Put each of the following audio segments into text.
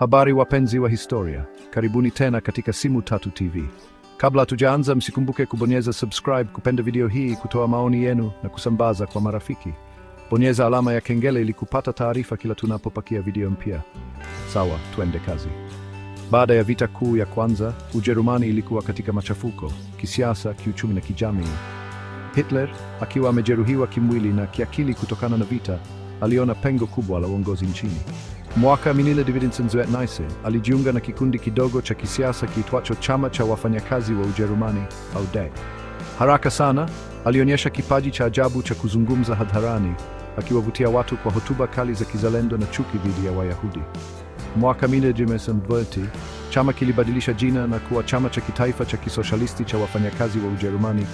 Habari wapenzi wa historia, karibuni tena katika Simu Tatu TV. Kabla hatujaanza, msikumbuke kubonyeza subscribe, kupenda video hii, kutoa maoni yenu na kusambaza kwa marafiki. Bonyeza alama ya kengele ili kupata taarifa kila tunapopakia video mpya. Sawa, tuende kazi. Baada ya vita kuu ya kwanza, Ujerumani ilikuwa katika machafuko kisiasa, kiuchumi na kijamii. Hitler akiwa amejeruhiwa kimwili na kiakili kutokana na vita, aliona pengo kubwa la uongozi nchini. Mwaka 1994 alijiunga na kikundi kidogo cha kisiasa kiitwacho Chama cha Wafanyakazi wa Ujerumani au DAP. Haraka sana alionyesha kipaji cha ajabu cha kuzungumza hadharani, akiwavutia watu kwa hotuba kali za kizalendo na chuki dhidi ya Wayahudi. Mwaka 1990 chama kilibadilisha jina na kuwa Chama cha Kitaifa cha Kisoshalisti cha Wafanyakazi wa Ujerumani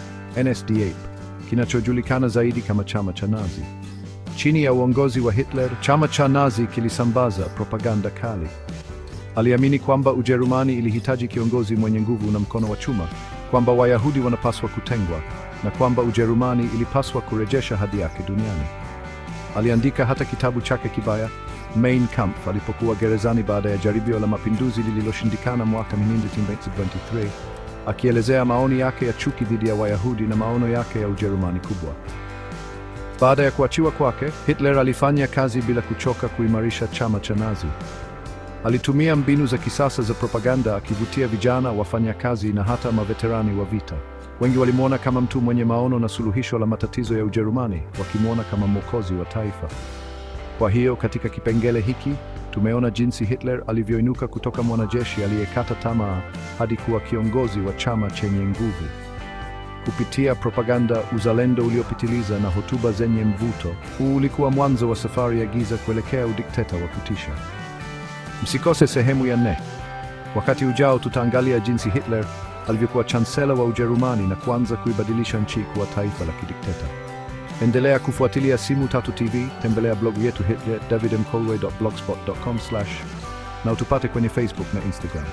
NSDAP, kinachojulikana zaidi kama chama cha Nazi. Chini ya uongozi wa Hitler, chama cha Nazi kilisambaza propaganda kali. Aliamini kwamba Ujerumani ilihitaji kiongozi mwenye nguvu na mkono wa chuma, kwamba Wayahudi wanapaswa kutengwa na kwamba Ujerumani ilipaswa kurejesha hadhi yake duniani. Aliandika hata kitabu chake kibaya Mein Kampf alipokuwa gerezani baada ya jaribio la mapinduzi lililoshindikana mwaka 1923, akielezea maoni yake ya chuki dhidi ya Wayahudi na maono yake ya Ujerumani kubwa. Baada ya kuachiwa kwake, Hitler alifanya kazi bila kuchoka kuimarisha chama cha Nazi. Alitumia mbinu za kisasa za propaganda, akivutia vijana, wafanyakazi na hata maveterani wa vita. Wengi walimwona kama mtu mwenye maono na suluhisho la matatizo ya Ujerumani, wakimwona kama mwokozi wa taifa. Kwa hiyo katika kipengele hiki tumeona jinsi Hitler alivyoinuka kutoka mwanajeshi aliyekata tamaa hadi kuwa kiongozi wa chama chenye nguvu kupitia propaganda, uzalendo uliopitiliza na hotuba zenye mvuto. Huu ulikuwa mwanzo wa safari ya giza kuelekea udikteta wa kutisha. Msikose sehemu ya nne. Wakati ujao tutaangalia jinsi Hitler alivyokuwa chansela wa Ujerumani na kuanza kuibadilisha nchi kuwa taifa la kidikteta. Endelea kufuatilia Simu Tatu TV, tembelea blogu yetu hitler davidmkolwe.blogspot.com/ na utupate kwenye Facebook na Instagram.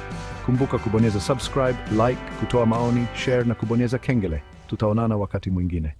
Kumbuka kubonyeza subscribe, like, kutoa maoni, share na kubonyeza kengele. Tutaonana wakati mwingine.